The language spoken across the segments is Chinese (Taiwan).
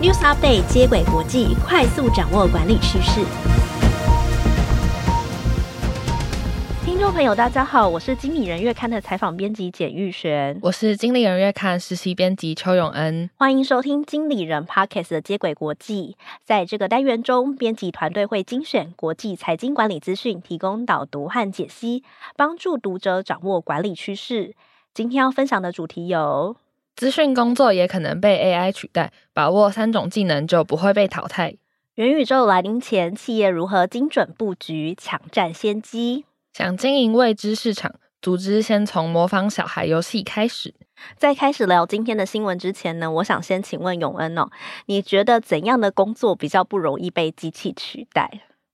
News Update 接軌國際，快速掌握管理趨勢。聽眾朋友，大家好，我是經理人月刊的採訪編輯簡鈺璇，我是經理人月刊實習編輯邱詠恩，歡迎收聽經理人 Podcast 的接軌國際。在這個單元中，編輯團隊會精選國際財經管理資訊，提供導讀和解析，幫助讀者掌握管理趨勢。今天要分享的主題有。資訊工作也可能被 AI 取代，把握三種技能就不會被淘汰。元宇宙來臨前，企業如何精準布局、搶佔先機？想經營未知市場，組織先從模仿小孩遊戲開始。在開始聊今天的新聞之前呢，我想先請問詠恩哦，你覺得怎樣的工作比較不容易被機器取代？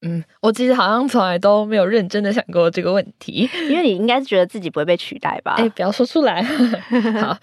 嗯，我其實好像從來都沒有認真的想過這個問題，因為你應該是覺得自己不會被取代吧？哎、欸，不要說出來。 好，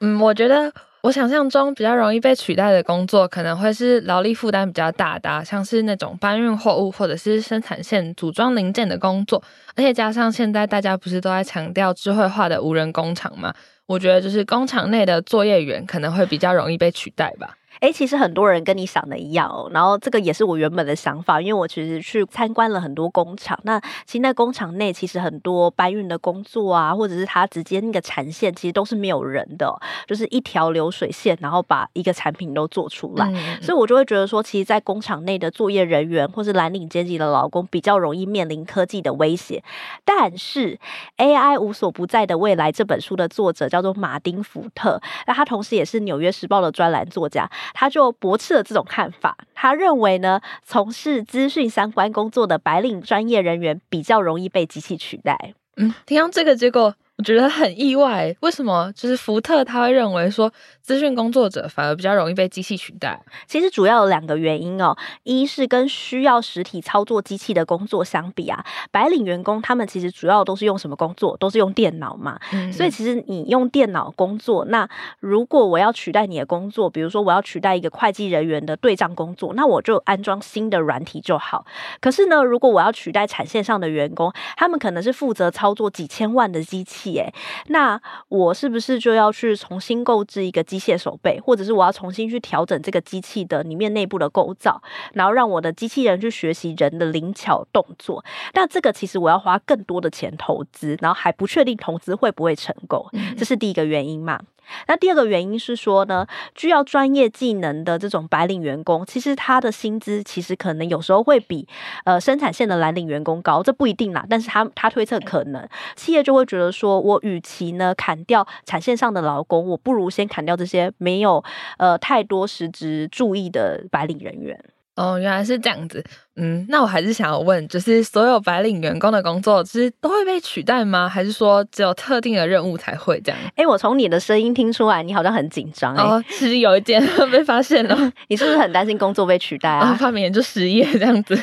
嗯，我覺得我想象中比較容易被取代的工作，可能會是勞力負擔比較大的、啊，像是那種搬運貨物或者是生產線組裝零件的工作，而且加上現在大家不是都在強調智慧化的無人工廠嗎？我覺得就是工廠內的作業員可能會比較容易被取代吧。誒，其實很多人跟你想的一樣、哦，然後這個也是我原本的想法，因為我其實去參觀了很多工廠。那其實，在工廠內，其實很多搬運的工作啊，或者是他直接那個產線，其實都是沒有人的、哦，就是一條流水線，然後把一個產品都做出來。嗯嗯嗯，所以我就會覺得說，其實，在工廠內的作業人員，或是藍領階級的勞工，比較容易面臨科技的威脅。但是，《AI 無所不在的未來》這本書的作者叫做馬丁·福特，那他同時也是《紐約時報》的專欄作家。他就駁斥了這種看法。他認為呢，從事資訊相關工作的白領專業人員比較容易被機器取代。嗯，聽到這個結果，我覺得很意外。為什麼？就是福特他會認為說。資訊工作者反而比較容易被機器取代。其實主要有兩個原因哦，一是跟需要實體操作機器的工作相比啊，白領員工他們其實主要都是用什麼工作？都是用電腦嘛。嗯嗯。所以其實你用電腦工作，那如果我要取代你的工作，比如說我要取代一個會計人員的對賬工作，那我就安裝新的軟體就好。可是呢，如果我要取代產線上的員工，他們可能是負責操作幾千萬的機器欸，那我是不是就要去重新購置一個機？機械手臂，或者是我要重新去調整這個機器的裡面內部的構造，然後讓我的機器人去學習人的靈巧動作。那這個其實我要花更多的錢投資，然後還不確定投資會不會成功，這是第一個原因嘛？嗯那第二個原因是說呢，需要專業技能的這種白領員工，其實他的薪資其實可能有時候會比呃生產線的藍領員工高，這不一定啦。但是他他推測可能企業就會覺得說，我與其呢砍掉產線上的勞工，我不如先砍掉這些沒有呃太多實質注意的白領人員。哦，原來是這樣子。嗯，那我還是想要問，就是所有白領員工的工作，其實都會被取代嗎？還是說只有特定的任務才會這樣？誒、欸、我從你的聲音聽出來，你好像很緊張、欸。哦，其實有一件被發現了， 你是不是很擔心工作被取代啊？我、哦、怕明年就失業這樣子。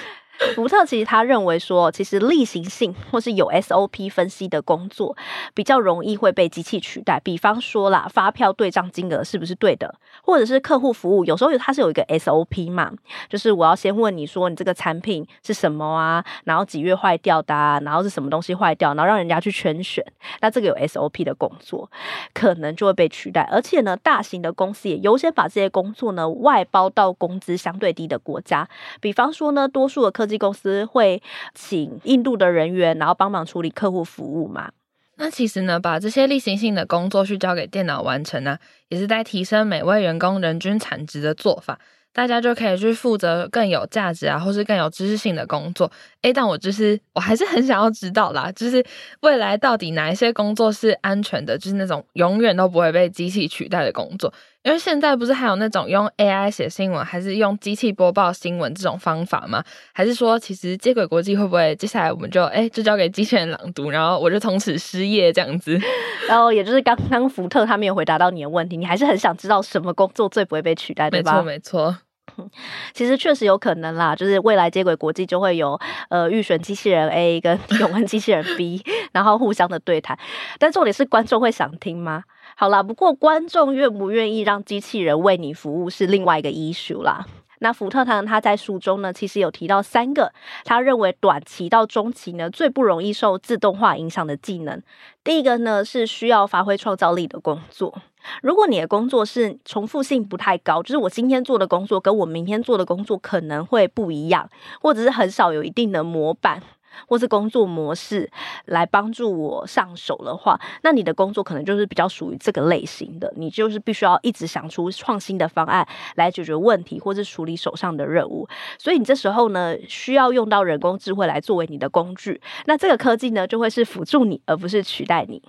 福特其實他認為說，其實例行性或是有 SOP 分析的工作，比較容易會被機器取代。比方說啦，發票對賬金額是不是對的，或者是客戶服務，有時候它是有一個 SOP 嘛，就是我要先問你說你這個產品是什麼啊，然後幾月壞掉的啊，然後是什麼東西壞掉，然後讓人家去圈選，那這個有 SOP 的工作可能就會被取代。而且呢，大型的公司也優先把這些工作呢外包到工資相對低的國家，比方說呢，多數的客戶設計公司會請印度的人員，然後幫忙處理客戶服務嘛。那其實呢，把這些例行性的工作去交給電腦完成呢、啊，也是在提升每位員工人均產值的做法。大家就可以去負責更有價值啊，或是更有知識性的工作。誒、欸，但我就是我還是很想要知道啦，就是未來到底哪一些工作是安全的，就是那種永遠都不會被機器取代的工作。因為現在不是還有那種用 AI 寫新聞，還是用機器播報新聞這種方法嗎？還是說，其實接軌國際會不會接下來我們就哎、欸、就交給機器人朗讀，然後我就從此失業這樣子？然後也就是剛剛福特他沒有回答到你的問題，你還是很想知道什麼工作最不會被取代，沒錯，對吧？沒錯。其實確實有可能啦，就是未來接軌國際就會有呃鈺璇機器人 A 跟詠恩機器人 B。 然後互相的對談，但重點是觀眾會想聽嗎？好啦，不過觀眾願不願意讓機器人為你服務是另外一個 issue 啦。那福特他他在書中呢，其實有提到三個他認為短期到中期呢最不容易受自動化影響的技能。第一個呢是需要發揮創造力的工作。如果你的工作是重複性不太高，就是我今天做的工作跟我明天做的工作可能會不一樣，或者是很少有一定的模板。或是工作模式來幫助我上手的話，那你的工作可能就是比較屬於這個類型的，你就是必須要一直想出創新的方案來解決問題，或是處理手上的任務。所以你這時候呢，需要用到人工智慧來作為你的工具，那這個科技呢，就會是輔助你，而不是取代你。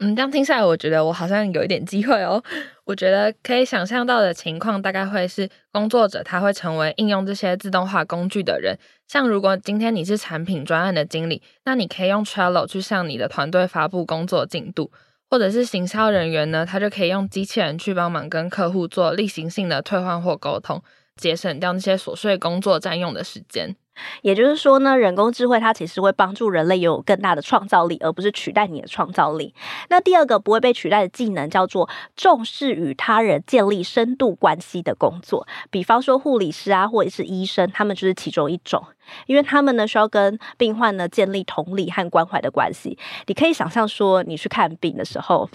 嗯，這樣聽下來，我覺得我好像有一點機會哦。我覺得可以想象到的情況，大概會是工作者他會成為應用這些自動化工具的人。像如果今天你是產品專案的經理，那你可以用 Trello 去向你的團隊發布工作進度，或者是行銷人員呢，他就可以用機器人去幫忙跟客戶做例行性的退換貨溝通，節省掉那些瑣碎工作佔用的時間。也就是說呢，人工智慧它其實會幫助人類擁有更大的創造力，而不是取代你的創造力。那第二個不會被取代的技能叫做重視與他人建立深度關係的工作，比方說護理師啊，或者是醫生，他們就是其中一種，因為他們呢需要跟病患呢建立同理和關懷的關係。你可以想象說，你去看病的時候。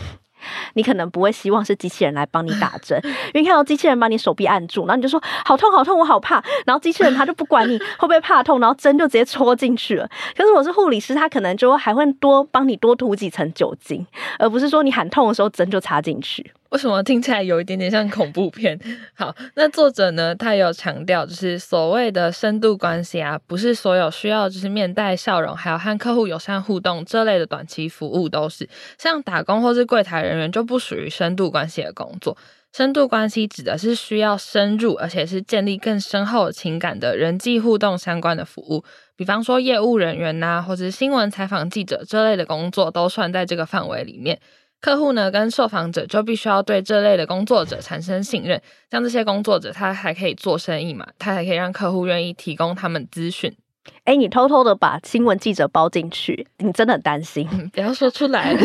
你可能不會希望是機器人來幫你打針，因為看到機器人把你手臂按住，然後你就說好痛好痛，我好怕，然後機器人他就不管你 會不會怕痛，然後針就直接戳進去了。可是我是護理師，他可能就還會多幫你多塗幾層酒精，而不是說你喊痛的時候針就插進去。為什麼聽起來有一點點像恐怖片？好，那作者呢，他有強調，就是所謂的深度關係啊，不是所有需要就是面帶笑容，還有和客戶友善互動這類的短期服務都是，像打工或是櫃檯人員就不屬於深度關係的工作。深度關係指的是需要深入，而且是建立更深厚情感的人際互動相關的服務，比方說業務人員吶、啊，或是新聞採訪記者這類的工作都算在這個範圍裡面。客戶呢，跟受訪者就必須要對這類的工作者產生信任，像這些工作者，他還可以做生意嘛，他還可以讓客戶願意提供他們資訊。哎、欸，你偷偷的把新聞記者包進去，你真的很擔心，不要說出來。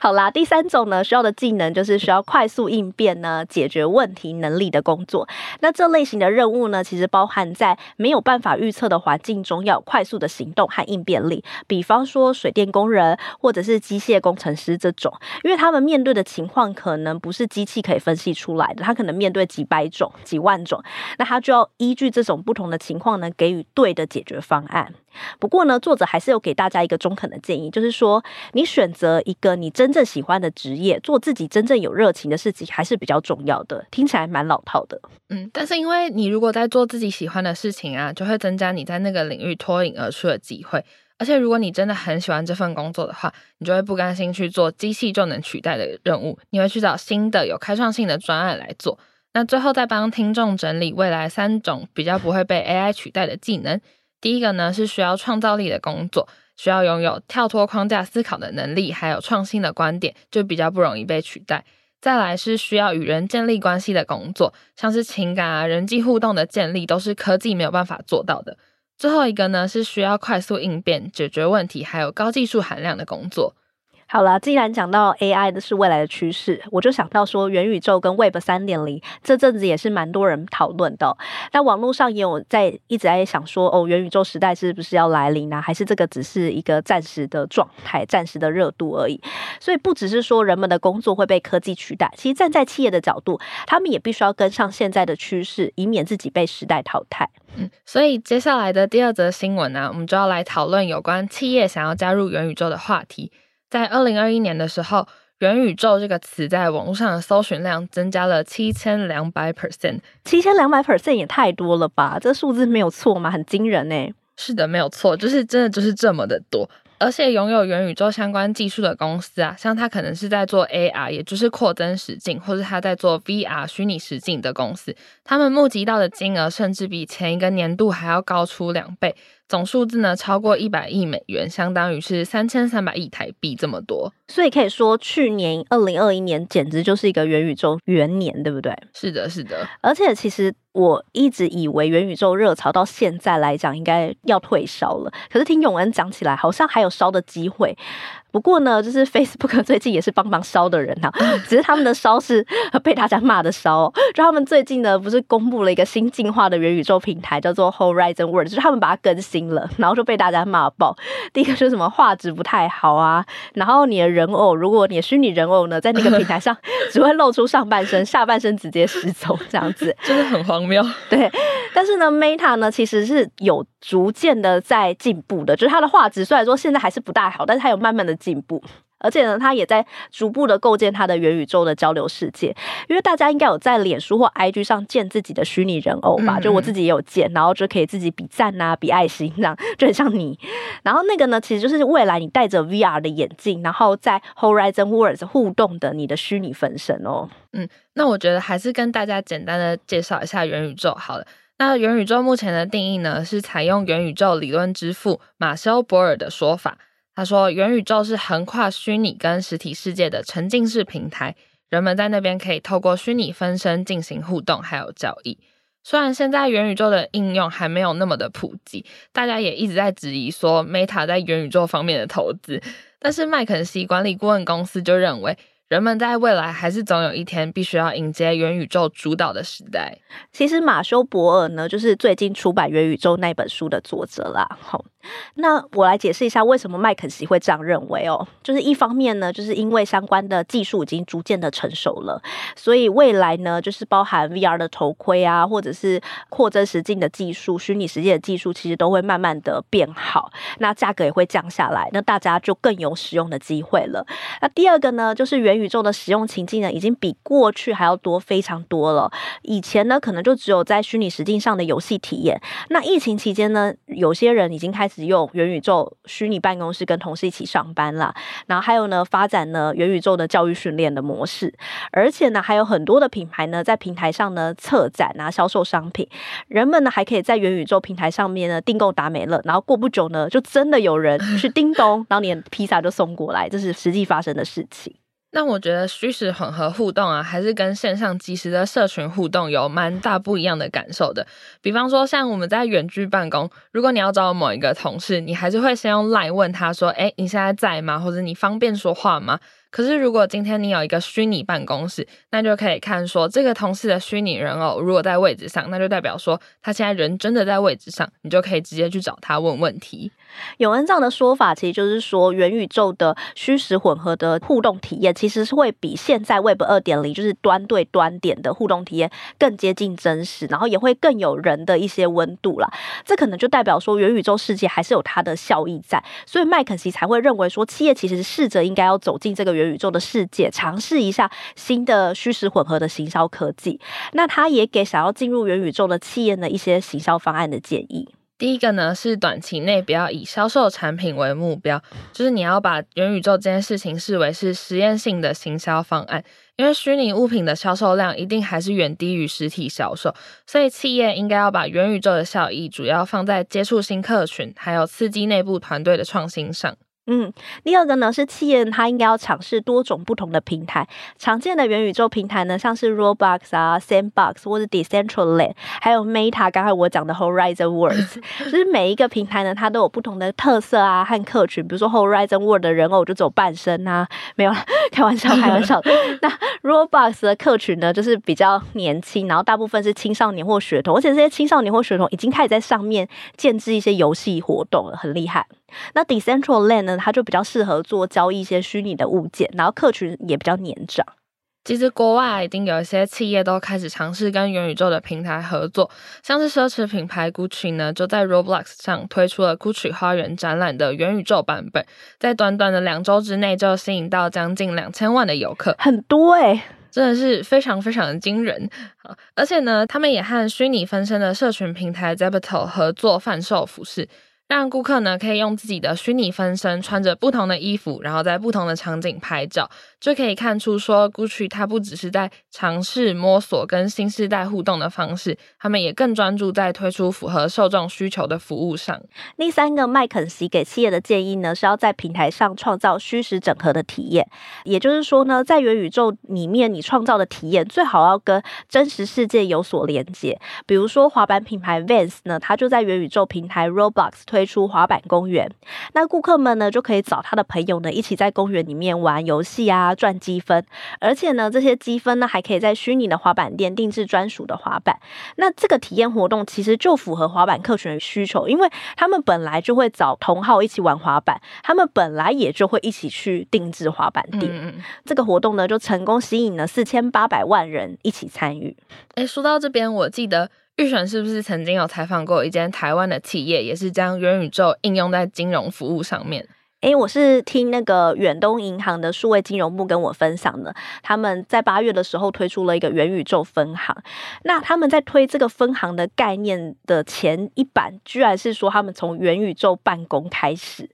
好啦，第三種呢，需要的技能就是需要快速應變呢，解決問題能力的工作。那這類型的任務呢，其實包含在沒有辦法預測的環境中，要快速的行動和應變力。比方說水電工人或者是機械工程師這種，因為他們面對的情況可能不是機器可以分析出來的，他可能面對幾百種、幾萬種，那他就要依據這種不同的情況呢，給予對的解決方案。案，不過呢，作者還是有給大家一個中肯的建議，就是說你選擇一個你真正喜歡的職業，做自己真正有熱情的事情還是比較重要的。聽起來蠻老套的，嗯，但是因為你如果在做自己喜歡的事情啊，就會增加你在那個領域脫穎而出的機會。而且如果你真的很喜歡這份工作的話，你就會不甘心去做機器就能取代的任務，你會去找新的有開創性的專案來做。那最後再幫聽眾整理未來三種比較不會被 AI 取代的技能。 第一個呢是需要創造力的工作，需要擁有跳脫框架思考的能力，還有創新的觀點，就比較不容易被取代。再來是需要與人建立關係的工作，像是情感啊、人際互動的建立，都是科技沒有辦法做到的。最後一個呢是需要快速應變、解決問題，還有高技術含量的工作。好了，既然講到 AI 的是未來的趨勢，我就想到說元宇宙跟 Web 三點零這陣子也是蠻多人討論的、哦。但網絡上也有在一直在想說，哦，元宇宙時代是不是要來臨呢、啊？還是這個只是一個暫時的狀態、暫時的熱度而已？所以不只是說人們的工作會被科技取代，其實站在企業的角度，他們也必須要跟上現在的趨勢，以免自己被時代淘汰。嗯、所以接下來的第二則新聞呢、啊，我們就要來討論有關企業想要加入元宇宙的話題。在二零二一年的時候，元宇宙這個詞在網絡上的搜尋量增加了七千兩百 percent，七千兩百 percent 也太多了吧？這數字沒有錯嘛，很驚人呢。是的，沒有錯，就是真的就是這麼的多。而且擁有元宇宙相關技術的公司啊，像他可能是在做 AR，也就是擴增實境，或是他在做 VR 虛擬實境的公司，他們募集到的金額甚至比前一個年度還要高出兩倍。總數字呢，超過一百億美元，相當於是三千三百億台幣這麼多，所以可以說去年二零二一年簡直就是一個元宇宙元年，對不對？是的，是的，是的。而且其實我一直以為元宇宙熱潮到現在來講應該要退燒了，可是聽詠恩講起來，好像還有燒的機會。不過呢，就是 Facebook 最近也是幫忙燒的人啊，只是他們的燒是被大家罵的燒哦。就他們最近呢，不是公布了一個新進化的元宇宙平台，叫做 Horizon World，就是他們把它更新了，然後就被大家罵爆。第一個就是什麼畫質不太好啊，然後你的人偶，如果你的虛擬人偶呢，在那個平台上只會露出上半身， 下半身直接失蹤，這樣子真的很荒謬。對，但是呢，Meta 呢其實是有逐漸的在進步的，就是它的畫質雖然說現在還是不大好，但是它有慢慢的。進步，而且呢，他也在逐步的構建他的元宇宙的交流世界。因為大家應該有在臉書或 IG 上建自己的虛擬人偶吧？就我自己也有建，然後就可以自己比贊啊、比愛心這、啊、樣，就很像你。然後那個呢，其實就是未來你戴着 VR 的眼鏡，然後在 Horizon Worlds 互動的你的虛擬分身哦。嗯，那我覺得還是跟大家簡單的介紹一下元宇宙好了。那元宇宙目前的定義呢，是採用元宇宙理論之父馬修博爾的說法。他說，元宇宙是橫跨虛擬跟實體世界的沉浸式平台，人們在那邊可以透過虛擬分身進行互動還有交易。雖然現在元宇宙的應用還沒有那麼的普及，大家也一直在質疑說 Meta 在元宇宙方面的投資，但是麥肯錫管理顧問公司就認為，人們在未來還是總有一天必須要迎接元宇宙主導的時代。其實馬修博爾呢，就是最近出版《元宇宙》那本書的作者啦。Oh, 那我來解釋一下為什麼麥肯錫會這樣認為哦。就是一方面呢，就是因為相關的技術已經逐漸的成熟了，所以未來呢，就是包含 VR 的頭盔啊，或者是擴增實境的技術、虛擬世界的技術，其實都會慢慢的變好，那價格也會降下來，那大家就更有使用的機會了。那第二個呢，就是元。元宇宙的使用情境呢，已經比過去還要多，非常多了。以前呢，可能就只有在虛擬實境上的遊戲體驗。那疫情期間呢，有些人已經開始用元宇宙虛擬辦公室跟同事一起上班了。然後還有呢，發展呢元宇宙的教育訓練的模式。而且呢，還有很多的品牌呢，在平台上呢，策展啊，銷售商品。人們呢，還可以在元宇宙平台上面呢，訂購達美樂。然後過不久呢，就真的有人去叮咚， 然後連披薩就送過來，這是實際發生的事情。那我覺得虛實混合互動啊，還是跟線上即時的社群互動有蠻大不一樣的感受的。比方說，像我們在遠距辦公，如果你要找某一個同事，你還是會先用 LINE 問他說，哎，你現在在嗎？或者你方便說話嗎？可是如果今天你有一個虛擬辦公室，那就可以看說這個同事的虛擬人偶如果在位置上，那就代表說他現在人真的在位置上，你就可以直接去找他問問題。詠恩，這樣的說法，其實就是說，元宇宙的虛實混合的互動體驗，其實是會比現在 Web 二點零，就是端對端點的互動體驗更接近真實，然後也會更有人的一些溫度了。這可能就代表說元宇宙世界還是有它的效益在，所以麥肯錫才會認為說企業其實試着應該要走進這個元宇宙的世界，嘗試一下新的虛實混合的行銷科技。那他也給想要進入元宇宙的企業的一些行銷方案的建議。第一個呢是短期內不要以銷售產品為目標，就是你要把元宇宙這件事情視為是實驗性的行銷方案，因為虛擬物品的銷售量一定還是遠低於實體銷售，所以企業應該要把元宇宙的效益主要放在接觸新客群，還有刺激內部團隊的創新上。嗯，第二個呢是企業，它應該要嘗試多種不同的平台。常見的元宇宙平台呢，像是 Roblox 啊、Sandbox 或者 Decentraland，還有 Meta。剛才我講的 Horizon Worlds， 就是每一個平台呢，它都有不同的特色啊和客群。比如說 Horizon World 的人偶就走半身啊，沒有啦，開玩笑，開玩笑。 那 Roblox 的客群呢，就是比較年輕，然後大部分是青少年或學童，而且這些青少年或學童已經開始在上面建置一些遊戲活動了，很厲害。那 Decentraland 呢，它就比較適合做交易一些虛擬的物件，然後客群也比較年長。其實國外已經有一些企業都開始嘗試跟元宇宙的平台合作，像是奢侈品牌 Gucci 呢，就在 Roblox 上推出了 Gucci 花園展覽的元宇宙版本，在短短的兩周之內就吸引到將近兩千萬的遊客，很多哎、欸，真的是非常非常的驚人。而且呢，他們也和虛擬分身的社群平台 Zepeto 合作販售服飾。讓顧客呢可以用自己的虛擬分身，穿着不同的衣服，然後在不同的場景拍照。就可以看出，說 Gucci 它不只是在嘗試摸索跟新世代互動的方式，他們也更專注在推出符合受眾需求的服務上。第三個麥肯錫給企業的建議呢，是要在平台上創造虛實整合的體驗，也就是說呢，在元宇宙裡面你創造的體驗最好要跟真實世界有所連接。比如說滑板品牌 Vans 呢，它就在元宇宙平台 Roblox 推出滑板公園，那顧客們呢就可以找他的朋友呢一起在公園裡面玩遊戲啊。賺積分，而且呢，這些積分呢還可以在虛擬的滑板店定製專屬的滑板。那這個體驗活動其實就符合滑板客群的需求，因為他們本來就會找同好一起玩滑板，他們本來也就會一起去定製滑板店。嗯，這個活動呢，就成功吸引了四千八百萬人一起參與。誒，說到這邊，我記得鈺璇是不是曾經有採訪過一間台灣的企業，也是將元宇宙應用在金融服務上面？哎，我是聽那個遠東銀行的數位金融部跟我分享的，他們在八月的時候推出了一個元宇宙分行。那他們在推這個分行的概念的前一版，居然是說他們從元宇宙辦公開始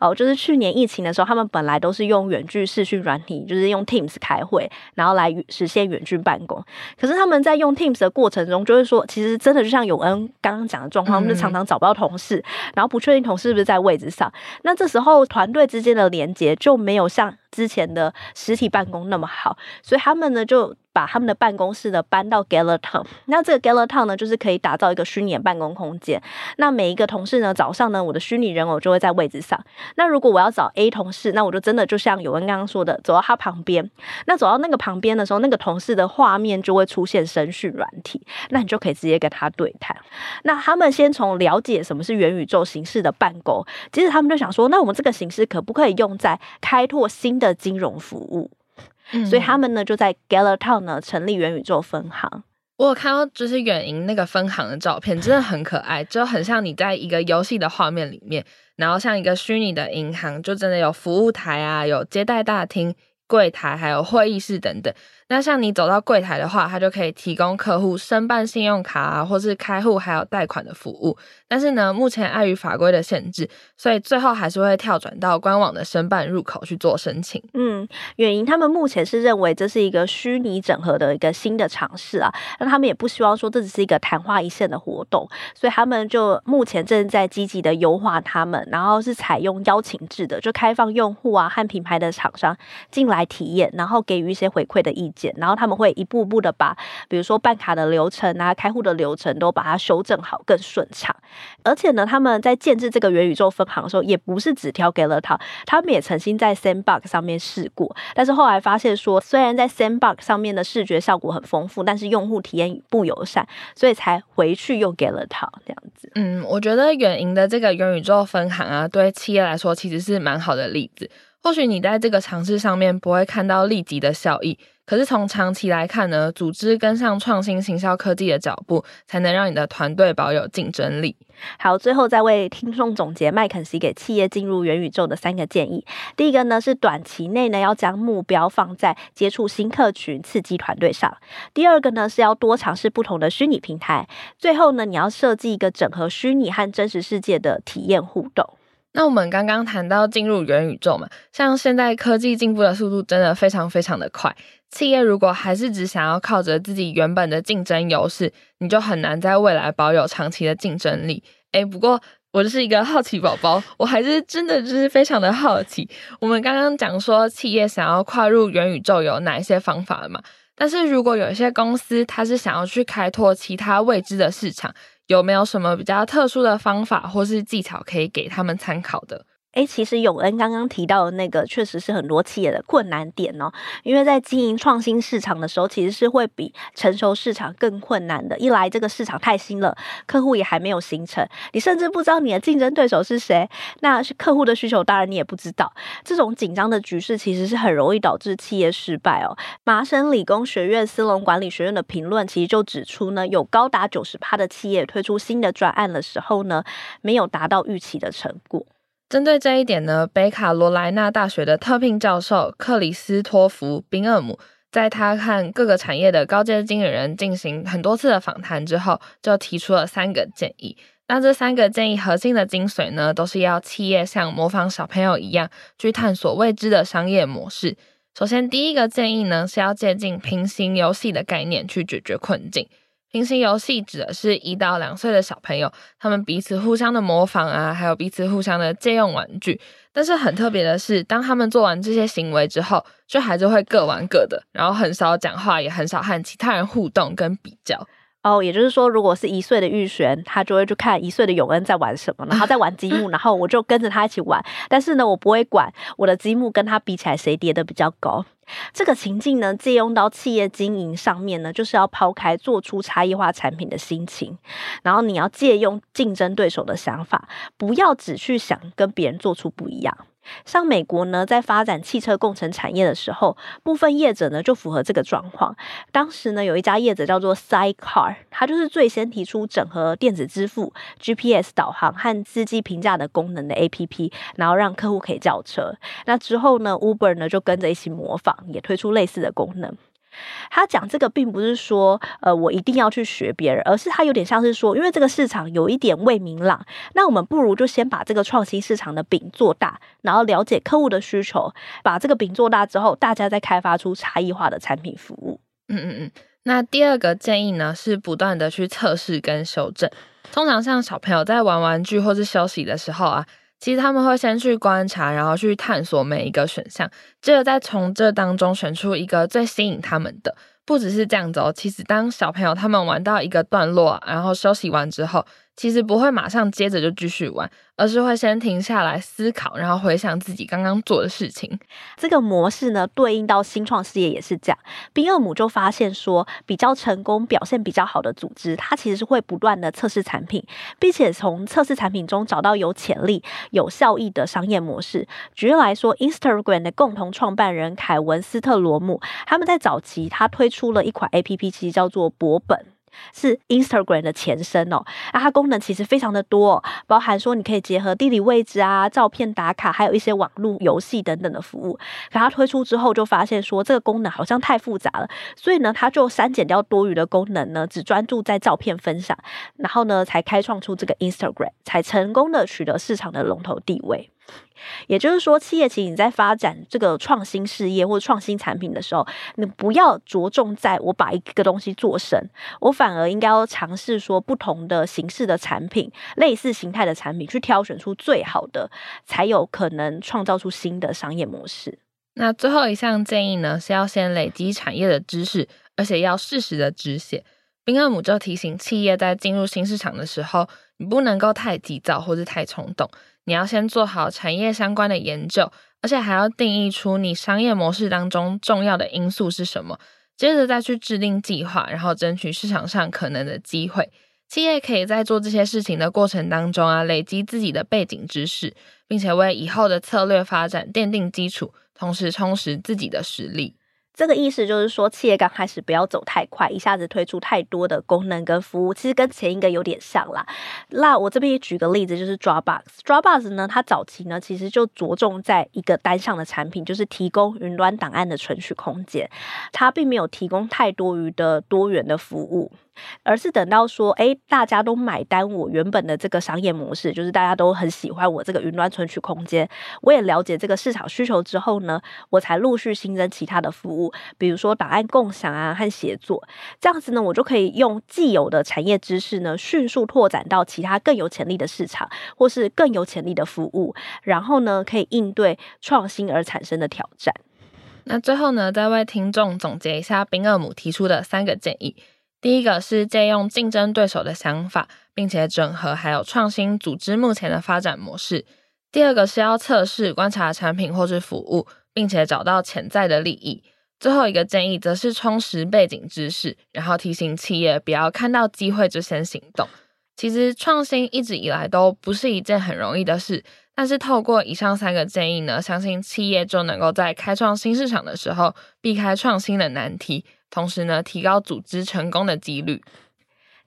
哦，就是去年疫情的時候，他們本來都是用遠距視訊軟體，就是用 Teams 開會，然後來實現遠距辦公。可是他們在用 Teams 的過程中，就是說，其實真的就像詠恩剛剛講的狀況，他們就常常找不到同事，然後不確定同事是不是在位置上。那這時候團隊之間的連結就沒有像之前的實體辦公那麼好，所以他們呢就，把他們的辦公室呢，搬到 Gather Town，那這個 Gather Town 呢，就是可以打造一個虛擬的辦公空間。那每一個同事呢，早上呢，我的虛擬人偶就會在位置上。那如果我要找 A 同事，那我就真的就像詠恩剛剛說的，走到他旁邊。那走到那個旁邊的時候，那個同事的畫面就會出現聲訊軟體，那你就可以直接跟他對談。那他們先從了解什麼是元宇宙形式的辦公，其實他們就想說，那我們這個形式可不可以用在開拓新的金融服務？ 所以他們呢，就在 Gala Town 呢成立元宇宙分行。我有看到，就是遠銀那個分行的照片，真的很可愛，就很像你在一個遊戲的畫面裡面，然後像一個虛擬的銀行，就真的有服務檯啊，有接待大廳、櫃檯，還有會議室等等。那像你走到櫃檯的話，他就可以提供客戶申辦信用卡啊，或是開戶還有貸款的服務。但是呢，目前礙於法規的限制，所以最後還是會跳轉到官網的申辦入口去做申請。嗯，遠銀他們目前是認為，這是一個虛擬整合的一個新的嘗試啊，那他們也不希望說，這只是一個曇花一現的活動，所以他們就目前正在積極的優化他們，然後是採用邀請制的，就開放用戶啊和品牌的廠商進來體驗，然後給予一些回饋的意。然後他們會一步步的把，比如說辦卡的流程啊、開戶的流程都把它修正好，更順暢。而且呢，他們在建制這個元宇宙分行的時候，也不是只挑 Gather Town，他們也曾經在 Sandbox 上面試過，但是後來發現說，雖然在 Sandbox 上面的視覺效果很豐富，但是用戶體驗不友善，所以才回去又 Gather Town 這樣子。嗯，我覺得遠銀的這個元宇宙分行啊，對企業來說其實是蠻好的例子。或許你在這個嘗試上面不會看到立即的效益，可是從長期來看呢，組織跟上創新行銷科技的腳步，才能讓你的團隊保有競爭力。好，最後再為聽眾總結麥肯錫給企業進入元宇宙的三個建議。第一個呢是短期內呢要將目標放在接觸新客群、刺激團隊上；第二個呢是要多嘗試不同的虛擬平台；最後呢，你要設計一個整合虛擬和真實世界的體驗互動。那我們剛剛談到進入元宇宙嘛，像現在科技進步的速度真的非常非常的快，企業如果還是只想要靠着自己原本的競爭優勢，你就很難在未來保有長期的競爭力。哎、欸，不過我是一個好奇寶寶，我還是真的就是非常的好奇，我們剛剛講說企業想要跨入元宇宙有哪一些方法嘛，但是如果有一些公司它是想要去開拓其他未知的市場。有沒有什麼比較特殊的方法，或是技巧可以給他們參考的？誒，其實永恩剛剛提到的那個，確實是很多企業的困難點哦。因為在經營創新市場的時候，其實是會比成熟市場更困難的。一來，這個市場太新了，客戶也還沒有形成，你甚至不知道你的競爭對手是誰。那是客戶的需求，當然你也不知道。這種緊張的局勢，其實是很容易導致企業失敗哦。麻省理工學院斯隆管理學院的評論其實就指出呢，有高達九十趴的企業推出新的專案的時候呢，沒有達到預期的成果。針對這一點呢，北卡羅萊納大學的特聘教授克里斯托弗·賓厄姆，在他和各個產業的高階經理人進行很多次的訪談之後，就提出了三個建議。那這三個建議核心的精髓呢，都是要企業像模仿小朋友一樣，去探索未知的商業模式。首先，第一個建議呢，是要借鑑平行遊戲的概念去解決困境。平行遊戲指的是一到兩歲的小朋友，他們彼此互相的模仿啊，還有彼此互相的借用玩具。但是很特別的是，當他們做完這些行為之後，就還是會各玩各的，然後很少講話，也很少和其他人互動跟比較。哦，也就是說，如果是一歲的鈺璇，他就會去看一歲的詠恩在玩什麼，然後在玩積木，然後我就跟着他一起玩。 但是呢，我不會管我的積木跟他比起來誰疊得比較高。這個情境呢，借用到企業經營上面呢，就是要拋開做出差異化產品的心情，然後你要借用競爭對手的想法，不要只去想跟別人做出不一樣。像美國呢，在發展汽車共乘產業的時候，部分業者呢就符合這個狀況。當時呢，有一家業者叫做 Sidecar，他就是最先提出整合電子支付、GPS 導航和司機評價的功能的 APP，然後讓客戶可以叫車。那之後呢，Uber 呢就跟着一起模仿，也推出類似的功能。他講這個，並不是說，呃，我一定要去學別人，而是他有點像是說，因為這個市場有一點未明朗，那我們不如就先把這個創新市場的餅做大，然後了解客戶的需求，把這個餅做大之後，大家再開發出差異化的產品服務。嗯嗯嗯。那第二個建議呢，是不斷地去測試跟修正。通常像小朋友在玩玩具或是休息的時候啊。其實他們會先去觀察，然後去探索每一個選項，接着再從這當中選出一個最吸引他們的。不只是這樣子哦，其實當小朋友他們玩到一個段落，然後休息完之後，其實不會馬上接着就繼續玩，而是會先停下來思考，然後回想自己剛剛做的事情。這個模式呢，對應到新創事業也是這樣。賓厄姆就發現說，比較成功、表現比較好的組織，它其實會不斷的測試產品，並且從測試產品中找到有潛力、有效益的商業模式。舉例來說，Instagram 的共同創辦人凱文斯特羅姆，他們在早期他推出了一款 APP，其實叫做博本。是 Instagram 的前身哦，啊，它功能其實非常的多哦，包含說你可以結合地理位置啊、照片打卡，還有一些網絡遊戲等等的服務。可它推出之後，就發現說這個功能好像太複雜了，所以呢，它就刪減掉多餘的功能呢，只專注在照片分享，然後呢，才開創出這個 Instagram，才成功的取得市場的龍頭地位。也就是說，企業請你在發展這個創新事業或創新產品的時候，你不要着重在我把一個東西做深，我反而應該要嘗試說不同的形式的產品、類似形態的產品，去挑選出最好的，才有可能創造出新的商業模式。那最後一項建議呢，是要先累積產業的知識，而且要適時的止血。賓厄姆就提醒企業，在進入新市場的時候，你不能夠太急躁或是太衝動。你要先做好產業相關的研究，而且還要定義出你商業模式當中重要的因素是什麼，接着再去制定計劃，然後爭取市場上可能的機會。企業可以在做這些事情的過程當中啊，累積自己的背景知識，並且為以後的策略發展奠定基礎，同時充實自己的實力。這個意思就是說，企業剛開始不要走太快，一下子推出太多的功能跟服務，其實跟前一個有點像啦。那我這邊也舉個例子，就是 Dropbox。Dropbox 呢，它早期呢其實就着重在一個單項的產品，就是提供雲端檔案的存取空間，它並沒有提供太多餘的多元的服務。而是等到說，誒，大家都買單，我原本的這個商業模式就是大家都很喜歡我這個雲端存取空間，我也了解這個市場需求之後呢，我才陸續新增其他的服務，比如說檔案共享啊和協作，這樣子呢，我就可以用既有的產業知識呢，迅速拓展到其他更有潛力的市場或是更有潛力的服務，然後呢，可以應對創新而產生的挑戰。那最後呢，再為聽眾總結一下賓厄姆提出的三個建議。第一個是借用競爭對手的想法，並且整合還有創新組織目前的發展模式。第二個是要測試、觀察產品或是服務，並且找到潛在的利益。最後一個建議則是充實背景知識，然後提醒企業不要看到機會就先行動。其實創新一直以來都不是一件很容易的事，但是透過以上三個建議呢，相信企業就能夠在開創新市場的時候避開創新的難題。同時呢，提高組織成功的幾率。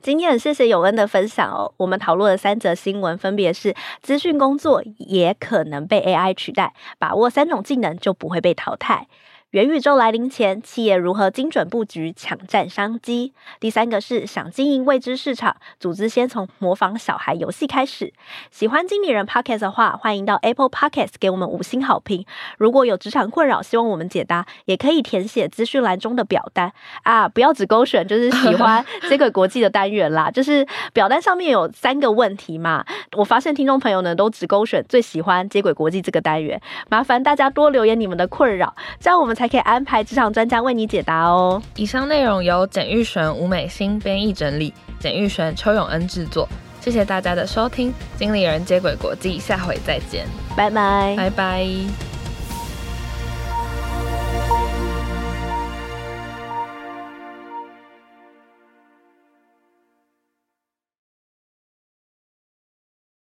今天很謝謝永恩的分享哦。我們討論的三則新聞，分別是：資訊工作也可能被 AI 取代，把握三種技能就不會被淘汰。元宇宙來臨前，企業如何精準布局，搶佔商機？第三個是想經營未知市場，組織先從模仿小孩遊戲開始。喜歡經理人 Podcast 的話，歡迎到 Apple Podcast 給我們五星好評。如果有職場困擾，希望我們解答，也可以填寫資訊欄中的表單啊。不要只勾選就是喜歡接軌國際的單元啦， 就是表單上面有三個問題嘛。我發現聽眾朋友呢都只勾選最喜歡接軌國際這個單元，麻煩大家多留言你們的困擾，在我們。才可以安排職場專家為你解答哦。以上內容由簡鈺璇、吳美心編譯整理，簡鈺璇、邱詠恩製作。謝謝大家的收聽，經理人接軌國際，下回再見，拜拜，拜拜。